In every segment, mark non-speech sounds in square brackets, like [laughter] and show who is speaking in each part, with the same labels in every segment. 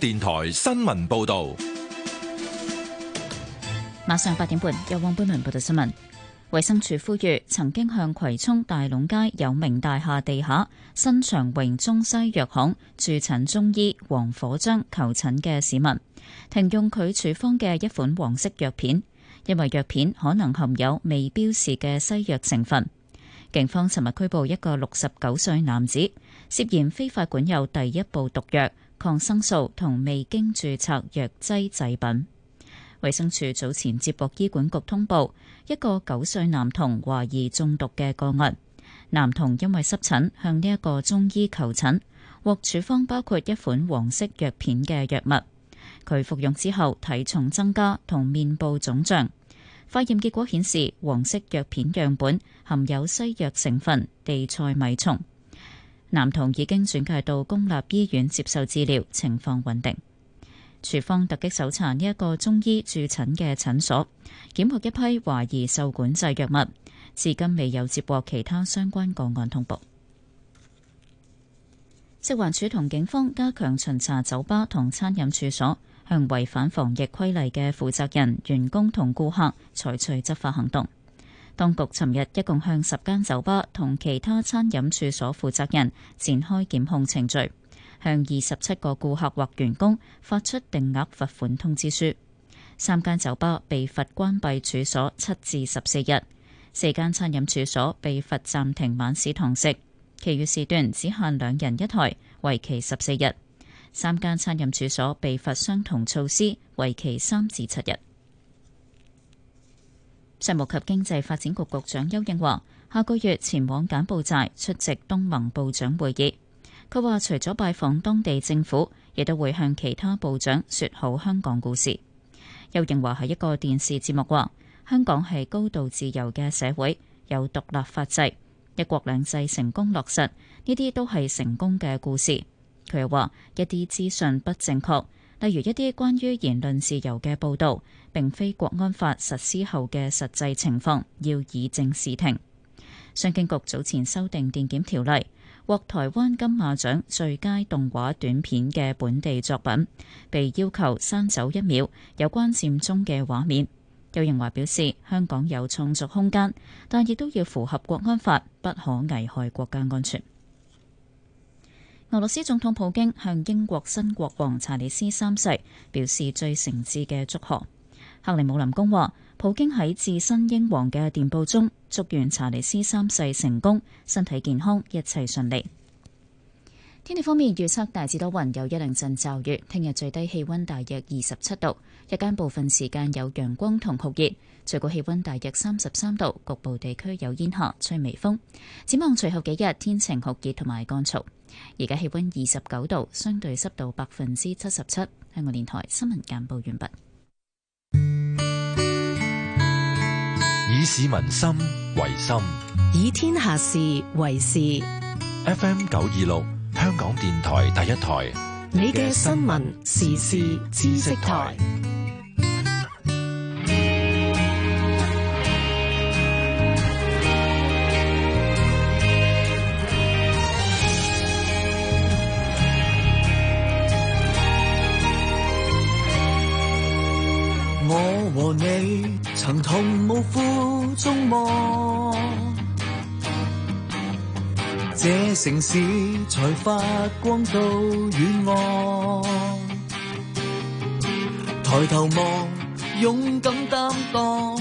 Speaker 1: 電台新聞報道：
Speaker 2: 晚上八點半，有汪本文報道新聞。衛生署呼籲曾經向葵涌大龍街有名大廈地下新長榮中西藥行駐診中醫黃火章求診嘅市民，停用佢處方嘅一款黃色藥片，因為藥片可能含有未標示嘅西藥成分。警方尋日拘捕一個六十九歲男子，涉嫌非法管有第一部毒藥。抗生素同未經註冊藥劑製品。衛生署早前接獲醫管局通報，一個九歲男童懷疑中毒嘅個案。男童因為濕疹向呢一個中醫求診，獲處方包括一款黃色藥片嘅藥物。佢服用之後，體重增加同面部腫脹。化驗結果顯示，黃色藥片樣本含有西藥成分地塞米松。男童已經轉介到公立醫院接受治療，情況穩定。廚方突擊搜查一個中醫駐診嘅診所，檢獲一批懷疑受管制藥物，至今未有接獲其他相關個案通報。 [noise] 食環署同警方加強巡查酒吧同餐飲處所，向違反防疫規例嘅負責人、員工同顧客採取執法行動。當局尋日一共向十間酒吧同其他餐飲處所負責人展開檢控程序，向二十七個顧客或員工發出定額罰款通知書。三間酒吧被罰關閉處所七至十四日，四間餐飲處所被罰暫停晚市堂食，其餘時段只限兩人一台，為期十四日。三間餐飲處所被罰相同措施，為期三至七日。商務及經濟發展局局長邱應華下個月前往柬埔寨出席東盟部長會議。佢話：除咗拜訪當地政府，亦都會向其他部長説好香港故事。邱應華喺一個電視節目話：香港係高度自由嘅社會，有獨立法制，一國兩制成功落實，呢啲都係成功嘅故事。佢又話：一啲資訊不正確。例如一啲關於言論自由嘅報導，並非國安法實施後嘅實際情況，要以正視聽。商經局早前修訂電檢條例，獲台灣金馬獎最佳動畫短片嘅本地作品，被要求刪走一秒有關佔中嘅畫面。有人話表示，香港有創作空間，但亦都要符合國安法，不可危害國家安全。俄羅斯總統普京向英國新國王查理斯三世表示最誠摯嘅祝賀。克里姆林宮話，普京喺致新英皇嘅電報中，祝願查理斯三世成功、身體健康、一切順利。天氣方面預測大致多雲，有一兩陣驟雨。聽日最低氣温大約二十七度，一間部分時間有陽光同酷熱，最高氣溫大約三十三度，局部地區有煙霞，吹微風。展望隨後幾日，天晴酷熱同埋乾燥。而家氣溫二十九度，相對濕度百分之七十七。香港電台新聞簡報完畢。
Speaker 1: 以市民心為心，
Speaker 3: 以天下事為事。
Speaker 1: FM 九二六，香港電台第一台，
Speaker 4: 你嘅新聞，新聞時事知識台。
Speaker 1: 我和你曾同冒苦中
Speaker 5: 望，這城市才發光到遠岸。
Speaker 1: 抬頭望，勇敢擔當，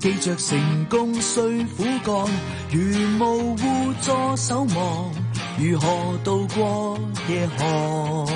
Speaker 1: 記着成功需
Speaker 5: 苦幹。如無互助守望，如何渡過夜寒？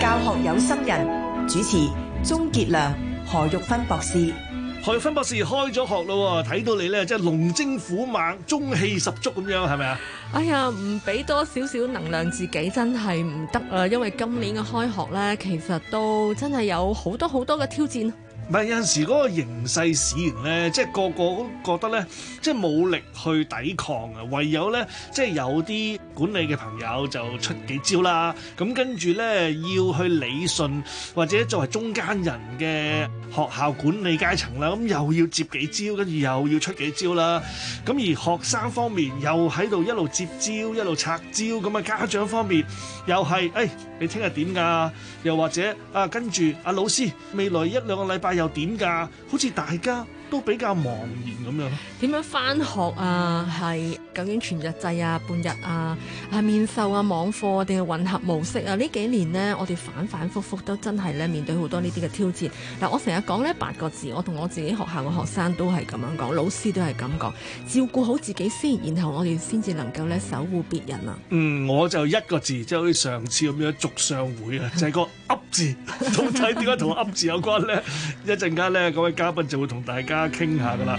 Speaker 3: 教學有心人主持鍾杰良、何玉芬博士，
Speaker 1: 何玉芬博士開咗學啦，睇到你咧真係龍精虎猛，中氣十足咁樣，係咪啊？
Speaker 3: 哎呀，唔俾多少少能量自己真係唔得呀，因為今年嘅開學咧，其實都真係有好多好多嘅挑戰。
Speaker 1: 唔係有陣時個形勢使然咧，即係個個都覺得咧，即係冇力去抵抗啊，唯有咧即係有啲管理嘅朋友就出幾招啦。咁跟住咧要去理順，或者作為中間人嘅學校管理階層啦，咁又要接幾招，跟住又要出幾招啦。咁而學生方面又喺度一路接招一路拆招，咁啊家長方面又係誒、哎、你聽日點㗎？又或者啊跟住阿、啊、老師未來一兩個禮拜，又點㗎？好似大家都比較茫然咁樣。
Speaker 3: 點樣返學啊？係。究竟全日制啊、半日啊、係面授啊、網課定、啊、係混合模式啊？呢幾年呢，我哋反反覆覆都真係咧面對好多呢啲嘅挑戰。嗱、嗯，我成日講呢八個字，我同我自己學校嘅學生都係咁樣講，老師都係咁講，照顧好自己先，然後我哋先至能夠咧守護別人啊。嗯，
Speaker 1: 我就一個字，即係好似上次咁樣續上會啊，就係、個噏字。 [laughs] 到底點解同噏字有關呢？一陣間呢，嗰位嘉賓就會同大家傾下噶啦。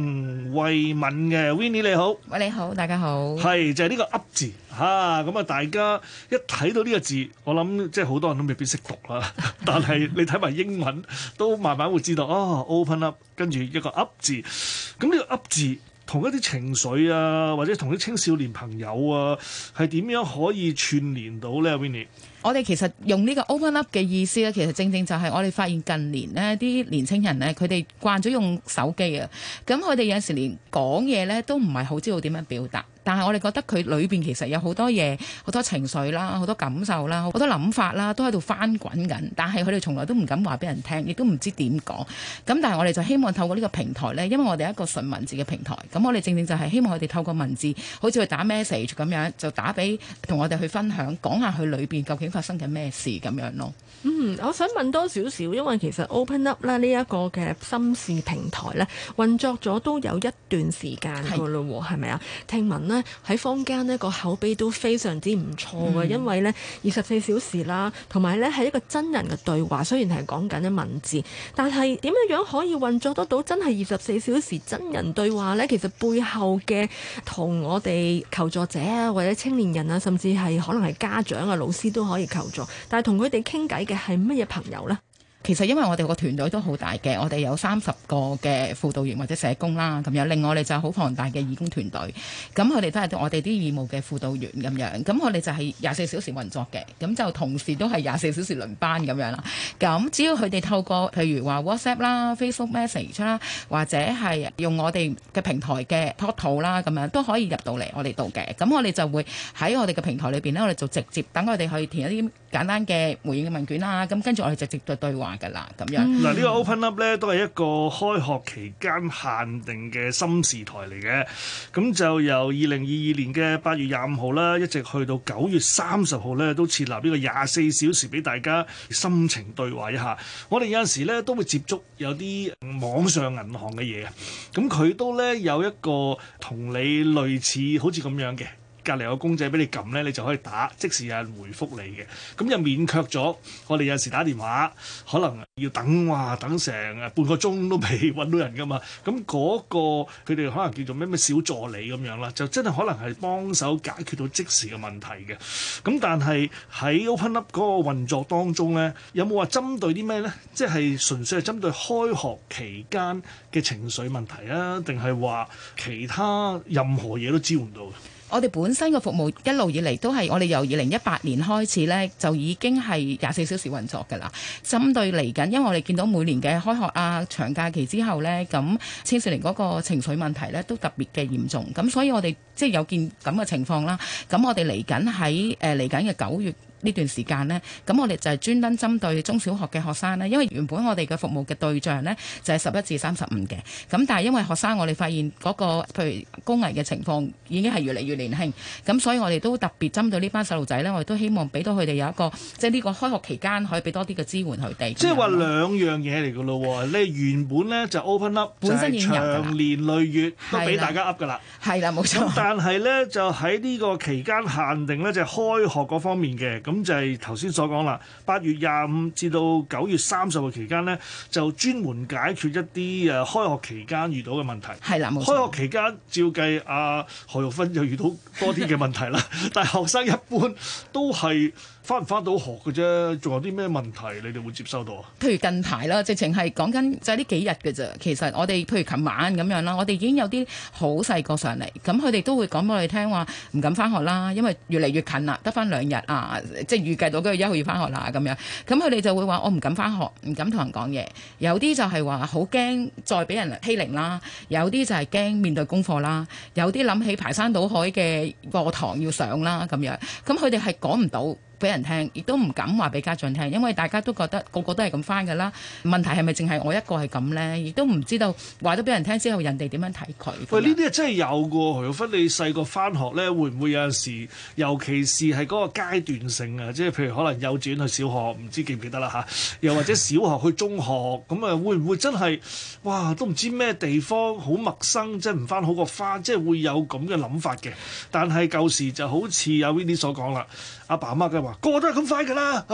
Speaker 1: 嗯，惠敏嘅，Winnie 你好，
Speaker 4: 餵你好，大家好，係
Speaker 1: 就係呢個 up 字，吓，咁啊大家一睇到呢個字，我諗即係好多人都未必識讀啦， [laughs] 但係你睇埋英文都慢慢會知道，哦，open up，跟住一個 up 字，咁呢個 up 字同一啲情緒啊，或者同啲青少年朋友啊，係點樣可以串連到咧，Winnie？
Speaker 4: 我哋其實用呢個 open up 嘅意思咧，其實正正就係我哋發現近年呢啲年青人呢，佢哋慣咗用手機啊，咁佢哋有時連講嘢呢都唔係好知道點樣表達，但係我哋覺得佢裏邊其實有好多嘢、好多情緒啦、好多感受啦、好多諗法啦，都喺度翻滾緊，但係佢哋從來都唔敢話俾人聽，亦都唔知點講。咁但係我哋就希望透過呢個平台呢，因為我哋係一個純文字嘅平台，咁我哋正正就係希望佢哋透過文字，好似去打 message 咁樣，就打俾同我哋去分享，講下佢裏邊究竟發生緊咩事咁樣咯。嗯，
Speaker 3: 我想問多少少，因為其實 Open Up 咧呢一個嘅心事平台呢運作咗都有一段時間噶啦，係咪啊？聽聞呢，喺坊間呢個口碑都非常之唔錯嘅，嗯、因為呢二十四小時啦，同埋呢係一個真人嘅對話，雖然係講緊啲文字，但係點樣樣可以運作得到真係二十四小時真人對話呢？其實背後嘅同我哋求助者啊，或者青年人啊，甚至係可能係
Speaker 4: 家長啊、老師都可以求助，但係同佢哋傾偈嘅係乜嘢朋友呢？其實因為我哋個團隊都好大嘅，我哋有三十個嘅輔導員或者社工啦，咁樣。另外我哋就好龐大嘅義工團隊，咁佢哋都係我哋啲義務嘅輔導員咁樣。咁我哋就係廿四小時運作嘅，咁就同時都係廿四小時輪班咁樣啦。咁只要佢哋透過譬如話 WhatsApp 啦、Facebook message 啦，或者係用我哋嘅平台嘅 portal 啦，咁樣都可以入到嚟我哋度嘅。咁我哋就會喺我哋嘅平台裏邊呢，我哋就直接等佢哋去填一啲。簡單嘅回應嘅問卷啦，咁跟住我哋就直接對話噶啦，咁樣。嗱、嗯，呢、嗯、個
Speaker 1: Open 噏咧都係一個開學期間限定嘅心事台嚟嘅，咁就由二零二二年嘅八月廿五號啦，一直去到九月三十號咧，都設立呢個廿四小時俾大家心情對話一下。我哋有陣時咧都會接觸有啲網上銀行嘅嘢，咁佢都咧有一個同你類似，好似咁樣嘅。隔離有公仔俾你撳咧，你就可以打，即時有人回覆你嘅。咁又免卻咗我哋有時打電話可能要等哇，等成半個鐘都未揾到人噶嘛。咁嗰個佢哋可能叫做咩咩小助理咁樣啦，就真係可能係幫手解決到即時嘅問題嘅。咁但係喺 OpenUp 嗰個運作當中咧，有冇話針對啲咩咧？即係純粹係針對開學期間嘅情緒問題啊，定係話其
Speaker 4: 他任何嘢都支援到？我哋本身嘅服務一路以嚟都係，我哋由二零一八年開始呢，就已經係廿四小時運作㗎喇。針對嚟緊，因為我哋見到每年嘅開學啊、長假期之後呢，咁青少年嗰個情緒問題呢都特別嘅嚴重，咁所以我哋。即係有見咁嘅情況啦，咁我哋嚟緊喺誒嚟緊嘅九月呢段時間呢，咁我哋就係專登針對中小學嘅學生呢，因為原本我哋嘅服務嘅對象呢，就係十一至三十五嘅，咁但係因為學生我哋發現嗰個譬如高危嘅情況已經係越嚟越年輕，咁所以我哋都特別針對呢班細路仔呢，我哋都希望俾到佢哋有一個即係呢個開學期間可以俾多啲嘅支援佢哋。即係話
Speaker 1: 兩樣嘢嚟嘅咯喎，你原本呢就 Open 噏，本身長年累月都俾大家噏嘅啦，
Speaker 4: 係啦冇錯。
Speaker 1: [laughs] 但係咧，就喺呢個期間限定咧，就係、開學嗰方面嘅，咁就係頭先所講啦。八月廿五至到九月三十號期間咧，就專門解決一啲誒開學期間遇到嘅問題。係啦，開學期間照計，阿、啊、何玉芬就遇到多啲嘅問題啦。 [laughs] 但係學生一般都係。翻唔翻到學嘅啫，仲有啲咩問題你哋會接收到啊？
Speaker 4: 譬如近排啦，直情係講緊就係呢幾日嘅啫。其實我哋譬如琴晚咁樣啦，我哋已經有啲好細個上嚟，咁佢哋都會講俾我哋聽話，唔敢翻學啦，因為越嚟越近啦，得翻兩日啊，即係預計到跟住一號要翻學啦咁樣。咁佢哋就會話我唔敢翻學，唔敢同人講嘢。有啲就係話好驚再俾人欺凌啦，有啲就係驚面對功課啦，有啲諗起排山倒海嘅課堂要上啦咁樣。咁佢哋係講唔到俾人聽，亦都唔敢話俾家長聽，因為大家都覺得個個都係咁返㗎啦。問題係咪淨係我一個係咁咧？亦都唔知道話咗俾人聽之後，人哋點樣睇佢？
Speaker 1: 喂，呢啲樣真係有㗎，何若芬，你細個返學咧，會唔會有陣時，尤其是係嗰個階段性啊？即係譬如可能幼稚園去小學，唔知記唔記得啦嚇？又或者小學去中學咁啊？ [laughs] 會唔會真係哇？都唔知咩地方好陌生，即係唔返好過返，即係會有咁嘅諗法嘅。但係舊時就好似有 Winnie 所講啦。阿爸阿媽梗係話個個都係咁快㗎啦，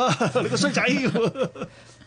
Speaker 1: 你個衰仔！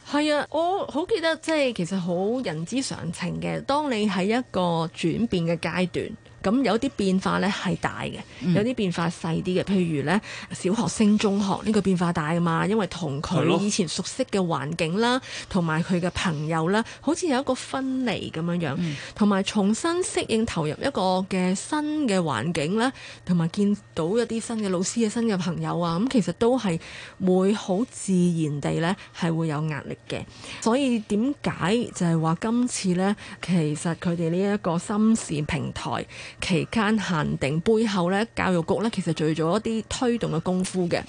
Speaker 5: 係 [laughs] [laughs] [laughs] 啊，我好
Speaker 3: 記得，即係其實好人之常情嘅。當你喺一個轉變嘅階段，咁有啲變化咧係大嘅，嗯、有啲變化細啲嘅。譬如呢，小學升中學呢、呢個變化大啊嘛，因為同佢以前熟悉嘅環境啦，同埋佢嘅朋友啦，好似有一個分離咁樣樣，同埋、嗯、重新適應投入一個嘅新嘅環境啦。同埋見到一啲新嘅老師、新嘅朋友啊，咁其實都係會好自然地呢係會有壓力嘅。所以點解就係、係、話今次呢，其實佢哋呢一個心事平台。期間限定背後咧，教育局咧其實做咗一啲推動嘅功夫嘅。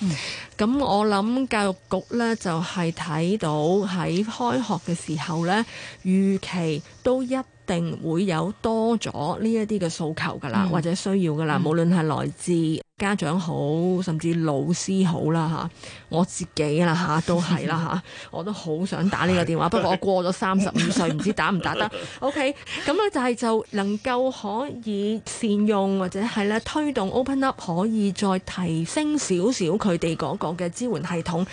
Speaker 3: 咁、嗯、我諗教育局咧就係睇到喺開學嘅時候咧，預期都一定會有多咗呢一啲嘅訴求㗎啦，嗯、或者需要㗎啦，嗯、無論係來自家長好，甚至老師好啦嚇，我自己啦嚇都係啦嚇， [laughs] 我都好想打呢個電話， [laughs] 不過我過咗三十五歲，唔知打唔打得 [laughs] ？OK，咁咧就係就能夠可以善用或者係咧推動 Open 噏，可以再提升少少佢哋嗰個嘅支援系統。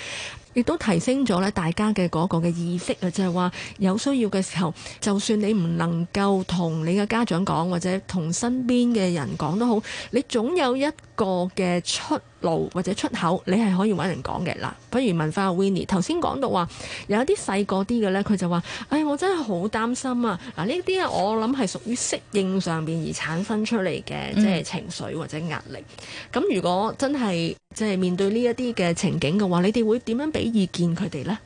Speaker 3: 亦都提升咗咧大家嘅嗰個嘅意識啊，就係話有需要嘅時候，就算你唔能夠同你嘅家長講，或者同身邊嘅人講都好，你總有一個嘅出路或者出口，你係可以揾人講嘅嗱。不如問返阿 Winnie 頭先講到話，有一啲細個啲嘅呢，佢就話：哎，我真係好擔心啊！嗱，呢啲我諗係屬於適應上邊而產生出嚟嘅，即係情緒或者壓力。咁，嗯，如果真係即係面對呢
Speaker 4: 一啲嘅情景嘅話，你哋會點樣俾意見佢哋呢？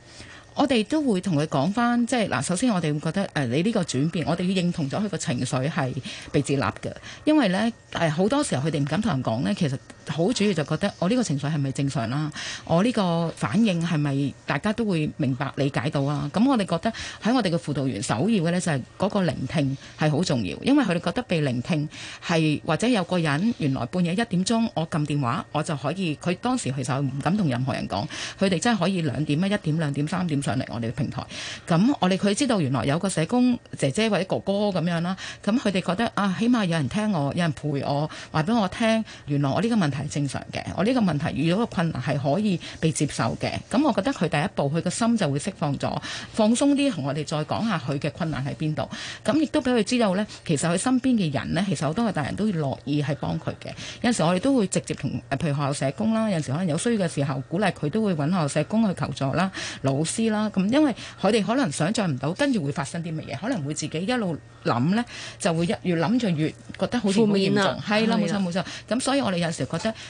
Speaker 4: 我哋都會同佢講翻，即係嗱，首先我哋會覺得誒、呃，你呢個轉變，我哋要認同咗佢個情緒係被接納嘅，因為咧誒，好多時候佢哋唔敢同人講咧，其實。好主要就覺得我呢個情緒係咪正常啦，啊？我呢個反應係咪大家都會明白理解到啊？咁、嗯、我哋覺得喺我哋嘅輔導員首要嘅咧，就係嗰個聆聽係好重要，因為佢哋覺得被聆聽係或者有個人原來半夜一點鐘我撳電話我就可以，佢當時其實唔敢同任何人講，佢哋真係可以兩點啊一點兩點三點上嚟我哋嘅平台。咁、嗯、我哋佢知道原來有個社工姐姐或者哥哥咁樣啦，咁佢哋覺得啊，起碼有人聽我，有人陪我，話俾我聽原來我呢個問題，係正常嘅，我呢個問題遇到個困難係可以被接受嘅，咁我覺得佢第一步佢個心就會釋放咗，放鬆啲同我哋再講下佢嘅困難喺邊度，咁亦都俾佢知道呢，其實佢身邊嘅人呢，其實好多係大人都樂意係幫佢嘅，有陣時我哋都會直接同，譬如學校社工啦，有陣時可能有需要嘅時候，鼓勵佢都會揾學校社工去求助啦、老師啦，咁因為佢哋可能想像唔到跟住會發生啲乜嘢，可能會自己一路諗呢，就會一越諗就越覺得好似好嚴重，係啦，冇錯冇錯，咁所以我哋有陣時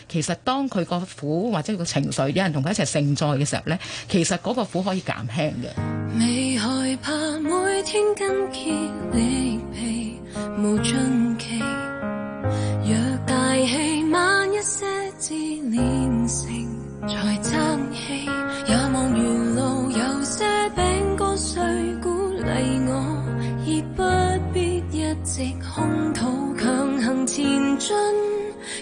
Speaker 4: 其實當佢個苦或者個情緒有人同佢一齊承受嘅
Speaker 5: 時候呢，其實嗰個苦可以減輕嘅。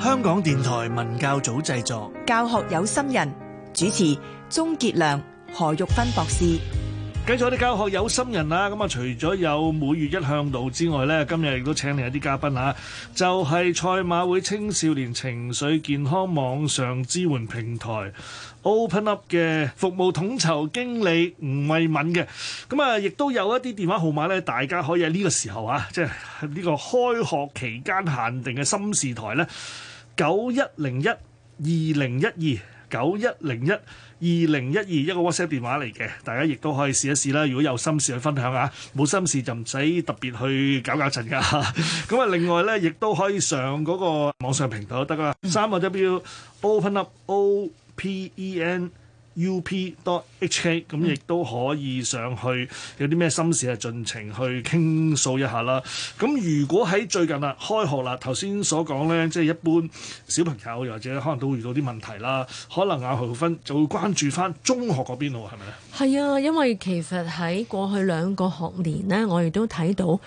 Speaker 5: 香
Speaker 1: 港電台文教組製作，
Speaker 5: 教學有心人
Speaker 3: 主持，鍾杰良、何玉芬博士。
Speaker 1: 繼續我啲教學有心人啊。咁啊除咗有每月一向度之外呢，今日亦都請嚟一啲嘉賓嚇，就係賽馬會青少年情緒健康網上支援平台 Open Up 嘅服務統籌經理吳惠敏嘅。咁啊，亦都有一啲電話號碼呢，大家可以喺呢個時候啊，即係呢個開學期間限定嘅心事台呢，九一零一二零一二九一零一。二零一二一個 WhatsApp 電話嚟嘅，大家亦都可以試一試啦。如果有心事去分享下，冇、啊、心事就唔使特別去搞搞震噶。咁啊，啊，另外咧，亦都可以上嗰個網上平台都得噶啦。三個 W，open up，O P E N。UP.HK，咁亦都可以上去，有啲咩心事係盡情去傾訴一下啦。咁如果喺最近啦，開學啦，頭先所講咧，即係一般小朋友又或者可能都會遇到啲問題啦，可能阿何芬就會關注翻中學嗰邊喎，係咪咧？
Speaker 3: 係啊，因為其實喺過去兩個學年咧，我亦都睇到。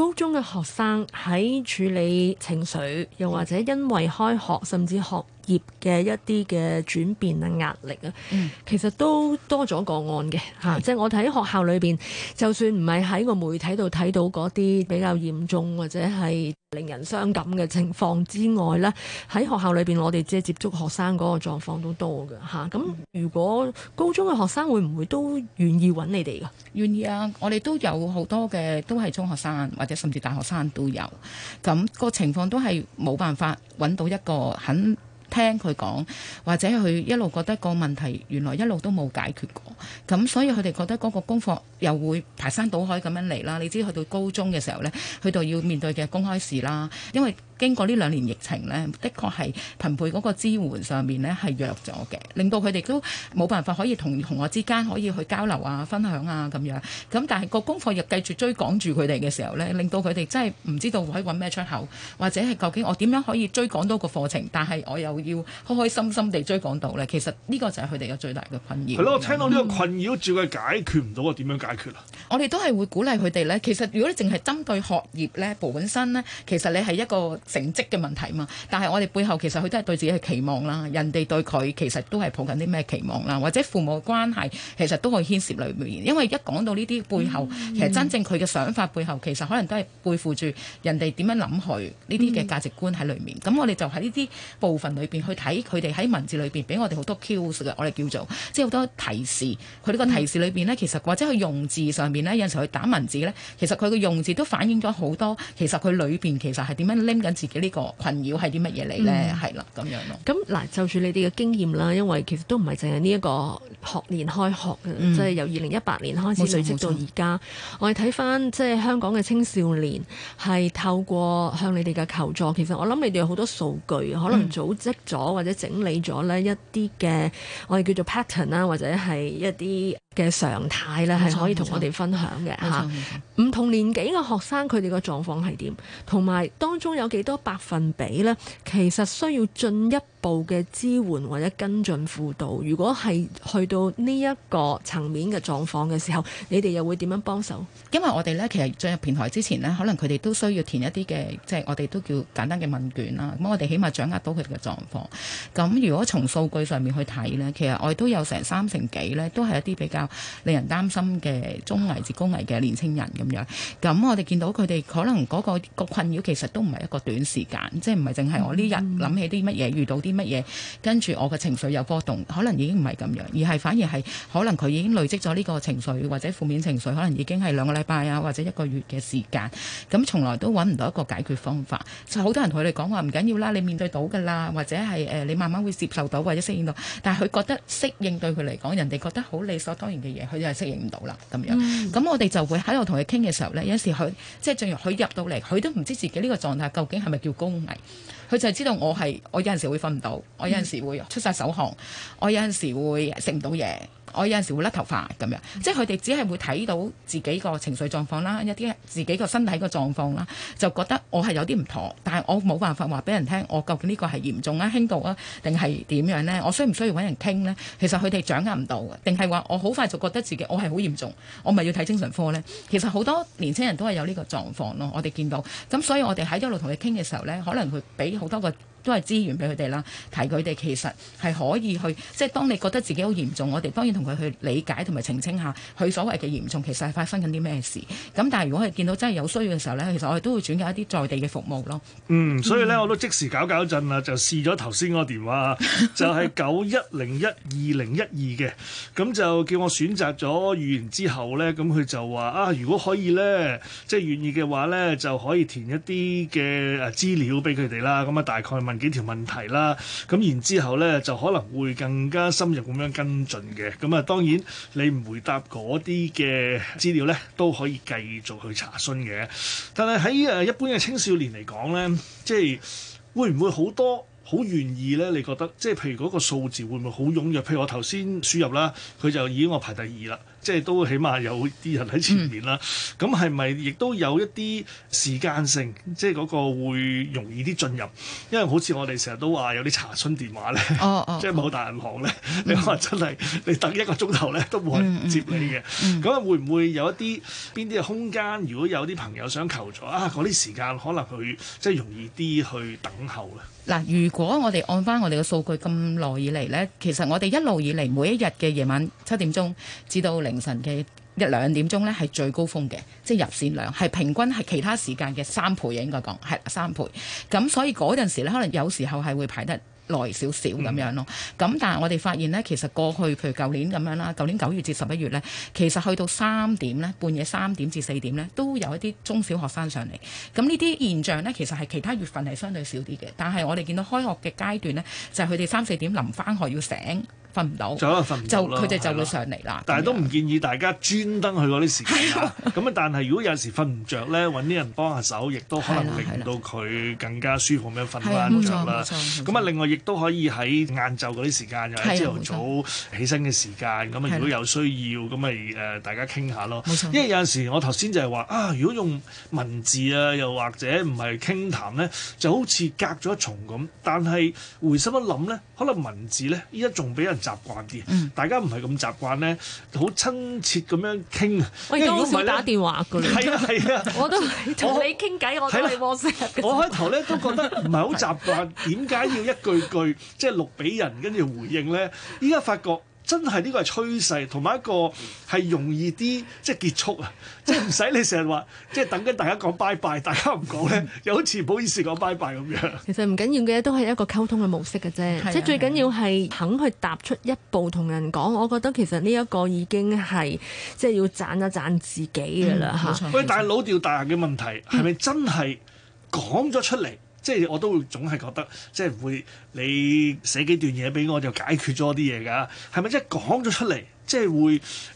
Speaker 3: 高中嘅學生喺處理情緒，又或者因為開學甚至學業嘅一啲嘅轉變啊、壓力啊，其實都多咗個案嘅嚇。即係我睇學校裏邊，就算唔係喺個媒體度睇到嗰啲比較嚴重或者係。令人傷感嘅情況之外呢，喺學校裏邊，我哋即係接觸學生嗰個狀況都多嘅吓。咁、啊、如果高中嘅學生
Speaker 4: 會唔會都願意揾你哋嘅？願意啊，我哋都有好多嘅，都係中學生或者甚至大學生都有。咁、個情況都係冇辦法揾到一個很。聽佢講，或者佢一路覺得個問題原來一路都冇解決過，咁所以佢哋覺得嗰個功課又會排山倒海咁樣嚟啦。你知去到高中嘅時候呢，去到要面對嘅公開試啦，因為。經過呢兩年疫情呢，的確係朋輩嗰個支援上面呢，係弱咗嘅，令到佢哋都冇辦法可以同同學之間可以去交流啊、分享啊咁樣。咁但係個功課又繼續追趕住佢哋嘅時候呢，令到佢哋真係唔知道可以揾咩出口，或者係究竟我點樣可以追趕到個課程，但係我又要開開心心地追趕到呢，其實呢個就係佢哋嘅最大嘅困擾。係咯，我聽到呢
Speaker 1: 個困擾，照係、嗯、解決唔到啊？點樣解決啊？
Speaker 4: 我哋都係會鼓勵佢哋呢。其實如果你淨係針對學業呢本身呢，其實你係一個成績嘅問題嘛，但係我哋背後其實佢都係對自己嘅期望啦，人哋對佢其實都係抱緊啲咩期望啦，或者父母嘅關係其實都可以牽涉裏面，因為一講到呢啲背、嗯嗯、背後，其實真正佢嘅想法背後其實可能都係背負住人哋點樣諗佢呢啲嘅價值觀喺裏面。咁、嗯、我哋就喺呢啲部分裏邊去睇佢哋喺文字裏邊俾我哋好多 cues 嘅，我哋叫做即係好多提示。佢呢個提示裏邊呢，其實或者佢用字上面呢，有陣時佢打文字呢，其實佢嘅用字都反映咗好多，其實佢裏邊其實係點樣拎緊。自己呢個困擾係啲乜嘢嚟呢？係啦、嗯，咁樣咯。咁嗱、嗯，就住你哋嘅經驗啦，因為其實都唔係淨係
Speaker 3: 呢一個學年開學，嗯、即係由二零一八年開始、冇錯、累積到而家。冇錯、我哋睇翻即係香港嘅青少年係透過向你哋嘅求助，其實我諗你哋有好多數據，可能組織咗或者整理咗呢一啲嘅，嗯、我哋叫做 pattern 啦，或者係一啲嘅常態咧係錯可以同我哋分享嘅吓，唔同年紀嘅學生佢哋嘅狀況係點，同埋當中有幾多百分比咧，其實需要進一步。部嘅支援或者跟進輔導，如果係去到呢一個
Speaker 4: 層面嘅狀況嘅時候，你哋又會點樣幫手？因為我哋咧，其實進入平台之前咧，可能佢哋都需要填一啲嘅，即係我哋都叫簡單嘅問卷啦。咁我哋起碼掌握到佢哋嘅狀況。咁如果從數據上面去睇咧，其實我哋都有成三成幾咧，都係一啲比較令人擔心嘅中危至高危嘅年青人咁樣。咁我哋見到佢哋可能嗰個個困擾其實都唔係一個短時間，嗯、即係唔係淨係我呢日諗起啲乜嘢遇到啲。啲乜嘢？跟住我嘅情緒有波動，可能已經唔係咁樣，而係反而係可能佢已經累積咗呢個情緒或者負面情緒，可能已經係兩個禮拜啊，或者一個月嘅時間。咁從來都揾唔到一個解決方法。就好多人同佢哋講話唔緊要啦，你面對到㗎啦，或者係誒、呃、你慢慢會接受到或者適應到。但係佢覺得適應對佢嚟講，人哋覺得好理所當然嘅嘢，佢就係適應唔到啦咁樣。咁、嗯、我哋就會喺度同佢傾嘅時候呢，有時佢即係進入佢入到嚟，佢都唔知自己呢個狀態究竟係咪叫高危。佢就係知道我係，我有陣時會瞓唔到，我有陣時會出晒手汗，我有陣時會食唔到嘢。我有陣時會甩頭髮咁樣，即係佢哋只係會睇到自己個情緒狀況啦，一啲自己個身體個狀況啦，就覺得我係有啲唔妥，但係我冇辦法話俾人聽，我究竟呢個係嚴重啊、輕度啊，定係點樣呢？我需唔需要揾人傾呢？其實佢哋掌握唔到嘅。定係話我好快就覺得自己我係好嚴重，我咪要睇精神科呢？其實好多年輕人都係有呢個狀況咯，我哋見到。咁所以，我哋喺一路同佢傾嘅時候呢，可能會俾好多個。都係資源俾佢哋啦，提佢哋其實係可以去，即係當你覺得自己好嚴重，我哋當然同佢去理解同埋澄清下，佢所謂嘅嚴重其實係發生緊啲咩事。咁但係如果係見到真係有需要嘅時候呢，其實我哋都會轉介一啲在地嘅服務咯。嗯，所以呢，
Speaker 1: 我都即時搞搞震啦，就試咗頭先個電話，就係九一零一二零一二嘅，咁 [laughs] 就叫我選擇咗語言之後呢，咁佢就話啊，如果可以呢，即係願意嘅話呢，就可以填一啲嘅資料俾佢哋啦。咁啊，大概。問幾條問題啦，咁然之後咧就可能會更加深入咁樣跟進嘅，咁啊當然你唔回答嗰啲嘅資料咧，都可以繼續去查詢嘅。但係喺誒一般嘅青少年嚟講咧，即係會唔會好多？好願意咧？你覺得即係譬如嗰個數字會唔會好踴躍？譬如我頭先輸入啦，佢就已經我排第二啦，即係都起碼有啲人喺前面啦。咁係咪亦都有一啲時間性，即係嗰個會容易啲進入？因為好似我哋成日都話有啲查詢電話咧，oh, oh, oh. 即係某大銀行咧，mm. 你話真係你等一個鐘頭咧都冇人接你嘅。咁、mm. 會唔會有一啲邊啲空間？如果有啲朋友想求助啊，嗰啲時間可能佢即係容易啲去等候咧。
Speaker 4: 嗱，如果我哋按翻我哋嘅數據咁耐以嚟呢，其實我哋一路以嚟每一日嘅夜晚七點鐘至到凌晨嘅一兩點鐘呢係最高峰嘅，即係入線量係平均係其他時間嘅三倍嘅，應該講係三倍，咁所以嗰陣時呢可能有時候係會排得。耐少少咁樣咯，咁但係我哋發現呢，其實過去譬如舊年咁樣啦，舊年九月至十一月呢，其實去到三點呢，半夜三點至四點呢，都有一啲中小學生上嚟。咁呢啲現象呢，其實係其他月份係相對少啲嘅。但係我哋見到開學嘅階段呢，就係佢哋三四點臨返學要醒，瞓唔到就瞓唔就佢哋就會上嚟啦。但係
Speaker 1: 都唔建議大家專登去嗰啲時間。咁啊，但係如果有時瞓唔着呢，揾啲人幫下手，亦都可能令到佢更加舒服咁樣瞓啦。咁啊，另外都可以喺晏晝嗰啲時間，又係朝頭早起身嘅時間，咁啊冇錯如果有需要，咁咪誒大家傾下咯。冇錯因為有陣時我頭先就係話啊，如果用文字啊，又或者唔係傾談咧，就好似隔咗一重咁。但係回心一諗咧，可能文字咧依家仲俾人習慣啲，嗯、大家唔係咁習慣咧，好親切咁樣傾。我而家好少打電話
Speaker 3: 㗎。係啊係啊，我都同你傾偈，我睇你 WhatsApp。我開頭咧都
Speaker 1: 覺得唔係好習慣，點解 [laughs] 要一句？句即係錄俾人跟住回應咧，依家發覺真係呢個係趨勢，同埋一個係容易啲，即係結束啊！即係唔使你成日話，即係等緊大家講拜拜，大家唔講咧，又、嗯、好似唔好意思講拜拜 e 咁樣。
Speaker 3: 其實唔緊要嘅都係一個溝通嘅模式嘅啫，是啊是啊，即係最緊要係肯去踏出一步同人講。我覺得其實呢一個已經係即係要賺一賺自己嘅啦嚇。
Speaker 1: 喂、嗯，大佬掉大牙嘅問題係咪、嗯、真係講咗出嚟？即係我都會總係覺得，即係會你寫幾段嘢俾我就解決咗啲嘢㗎，係咪即係講咗出嚟即係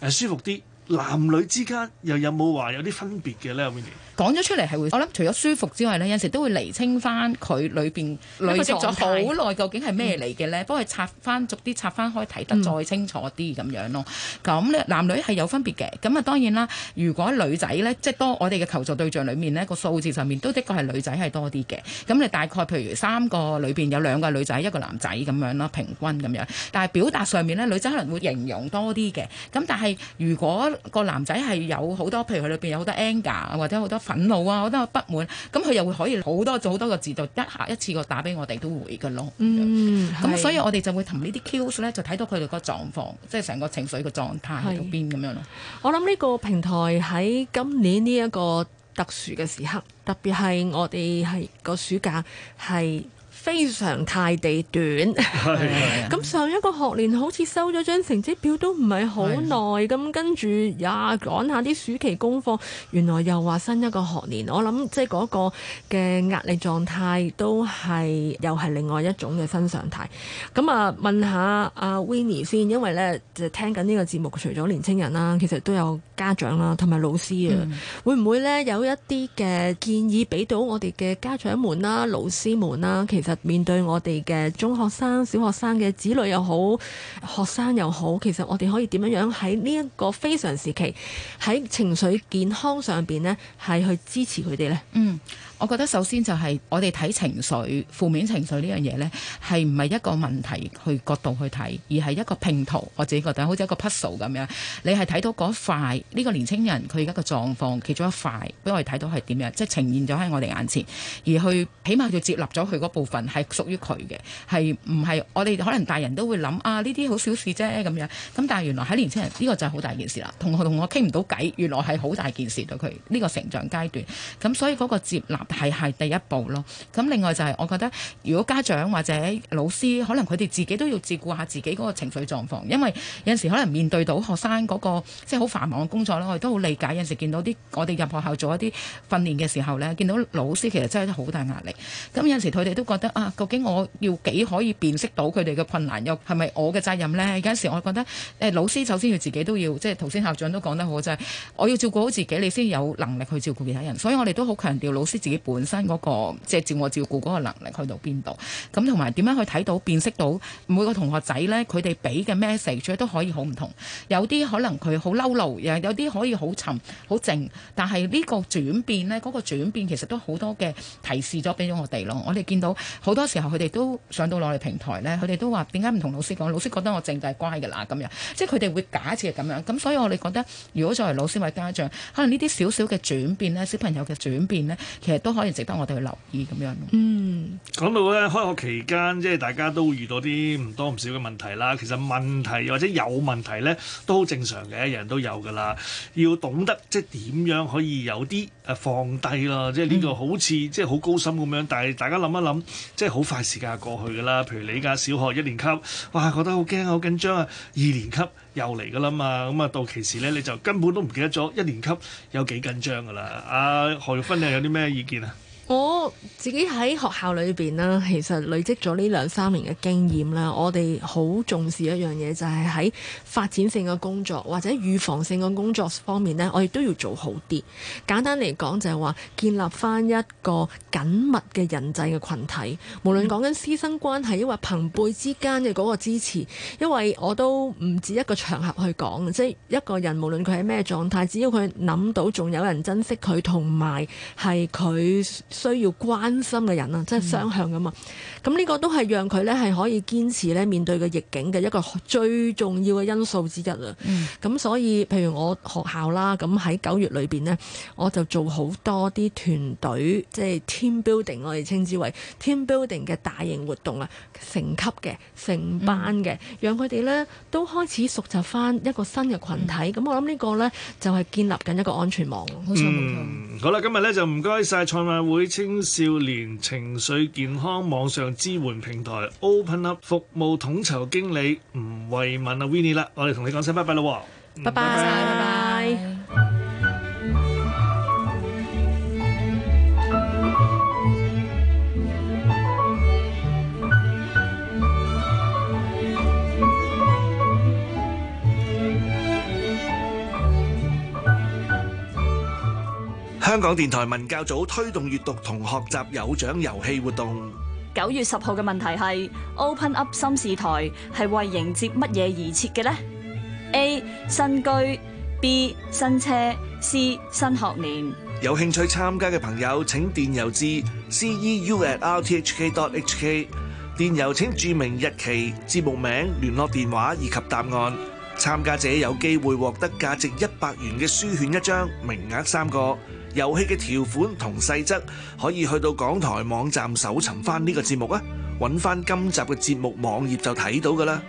Speaker 1: 會誒舒服啲？男女之間又有冇話有啲分別嘅咧，阿 Winnie？
Speaker 4: 講咗出嚟係會，我諗除咗舒服之外呢，有陣時都會釐清翻佢裏邊累積咗好耐究竟係咩嚟嘅呢？幫佢拆翻，逐啲拆翻，可以睇得再清楚啲咁樣咯。咁男女係有分別嘅。咁啊當然啦，如果女仔呢，即係多我哋嘅求助對象裏面呢，個數字上面都的確係女仔係多啲嘅。咁你大概譬如三個裏邊有兩個女仔，一個男仔咁樣咯，平均咁樣。但係表達上面呢，女仔可能會形容多啲嘅。咁但係如果個男仔係有好多，譬如佢裏邊有好多 anger 或者好多。憤怒啊！我覺得我不滿咁，佢又會可以好多做好多個字，就一下一次過打俾我哋都會嘅咯。嗯，咁所以我哋就會同呢啲 case 咧，就睇到佢哋個狀況，即係成個情緒嘅狀態喺邊咁樣咯。我諗呢個平台喺今年呢一個特殊嘅時
Speaker 3: 刻，特別係我哋係個暑假係非常態地短，
Speaker 5: 咁
Speaker 3: [laughs] 上一個學年好似收咗張成績表都唔係好耐，咁的跟住呀趕下啲暑期功課，原來又話新一個學年，我諗即係嗰個嘅壓力狀態都係又係另外一種嘅新常態，咁啊，問下阿、啊、Winnie 先，因為咧就聽緊呢個節目，除咗年青人啦、啊，其實都有家長啦、啊，同埋老師啊，嗯、會唔會咧有一啲嘅建議俾到我哋嘅家長們啦、啊、老師們啦、啊？其實。面對我哋嘅中學生、小學生嘅子女又好，學生又好，其實我哋可以點樣樣喺呢一個非常時期，喺情緒健康上面呢，係去支持佢哋
Speaker 4: 呢？嗯。我覺得首先就係我哋睇情緒、負面情緒呢樣嘢呢係唔係一個問題去角度去睇，而係一個拼圖。我自己覺得好似一個 puzzle 咁樣，你係睇到嗰塊呢個年輕人佢而家嘅狀況其中一塊，畀我哋睇到係點樣，即係呈現咗喺我哋眼前，而去起碼要接納咗佢嗰部分係屬於佢嘅，係唔係我哋可能大人都會諗啊，呢啲好小事啫咁樣，咁但係原來喺年輕人呢個就係好大件事啦。同同我傾唔到偈，原來係好大件事對佢呢個成長階段。咁所以嗰個接納。係係第一步咯。咁另外就係、是、我覺得，如果家長或者老師，可能佢哋自己都要照顧下自己嗰個情緒狀況，因為有陣時可能面對到學生嗰、那個即係好繁忙嘅工作咯，我哋都好理解。有陣時見到啲我哋入學校做一啲訓練嘅時候呢，見到老師其實真係好大壓力。咁有陣時佢哋都覺得啊，究竟我要幾可以辨識到佢哋嘅困難，又係咪我嘅責任呢？有陣時我覺得誒、呃，老師首先要自己都要，即係頭先校長都講得好，就係、是、我要照顧好自己，你先有能力去照顧其他人。所以我哋都好強調老師自己。本身嗰個即係自我照顧嗰個能力去到邊度？咁同埋點樣去睇到辨識到每個同學仔呢？佢哋俾嘅 message 都可以好唔同。有啲可能佢好嬲怒，有啲可以好沉好靜。但係呢個轉變呢，嗰個轉變其實都好多嘅提示咗俾咗我哋咯。我哋見到好多時候佢哋都上到落嚟平台呢，佢哋都話點解唔同老師講？老師覺得我靜就係乖㗎啦咁樣，即係佢哋會假設係咁樣。咁所以我哋覺得，如果作為老師或者家長，可能呢啲少少嘅轉變呢，小朋友嘅轉變呢。其實～都可以值得我哋去留意咁樣。嗯，
Speaker 1: 講到咧開學期間，即係大家都會遇到啲唔多唔少嘅問題啦。其實問題或者有問題咧，都好正常嘅，人人都有㗎啦。要懂得即係點樣可以有啲誒放低咯。即係呢個好似即係好高深咁樣，但係大家諗一諗，即係好快時間過去㗎啦。譬如你而家小學一年級，哇，覺得好驚啊，好緊張啊，二年級。又嚟噶啦嘛，咁啊，到期時咧，你就根本都唔記得咗一年級有幾緊張噶啦。啊，何玉芬你有啲咩意見啊？ [laughs]
Speaker 3: 我自己喺學校裏邊呢，其實累積咗呢兩三年嘅經驗啦，我哋好重視一樣嘢，就係喺發展性嘅工作或者預防性嘅工作方面呢，我哋都要做好啲。簡單嚟講就係話，建立翻一個緊密嘅人際嘅群體，無論講緊師生關係，抑或朋輩之間嘅嗰個支持，因為我都唔止一個場合去講，即係一個人無論佢喺咩狀態，只要佢諗到仲有人珍惜佢，同埋係佢需要關心嘅人啊，即係雙向噶嘛。咁呢個都係讓佢咧係可以堅持咧面對嘅逆境嘅一個最重要嘅因素之一啊，咁、嗯、所以，譬如我學校啦，咁喺九月裏邊咧，我就做好多啲團隊，即係 team building，我哋稱之為 team building 嘅大型活動啊，成級嘅、成班嘅，嗯、讓佢哋咧都開始熟習翻一個新嘅群體，咁、嗯、我諗呢個咧就係建立緊一個安全網，
Speaker 1: 好彩冇錯。好啦，今日咧就唔該晒創委會。青少年情緒健康網上支援平台 Open Up，服務統籌經理吳惠敏啊 Winnie 啦，我哋同你講聲拜拜咯喎拜拜，拜拜，拜
Speaker 5: 拜、嗯。
Speaker 1: 香港電台文教組推動閱讀同學習有獎遊戲活動。
Speaker 2: 九月十號嘅問題係：Open Up 心事台係為迎接乜嘢而設嘅呢？A. 新居 B. 新車 C. 新學年
Speaker 1: 有興趣參加嘅朋友，請電郵至 c e u at r t h k dot h k。電郵請注明日期、節目名、聯絡電話以及答案。參加者有機會獲得價值一百元嘅書券一張，名額三個。遊戲嘅條款同細則可以去到港台網站搜尋翻呢個節目啊，揾翻今集嘅節目網頁就睇到㗎喇。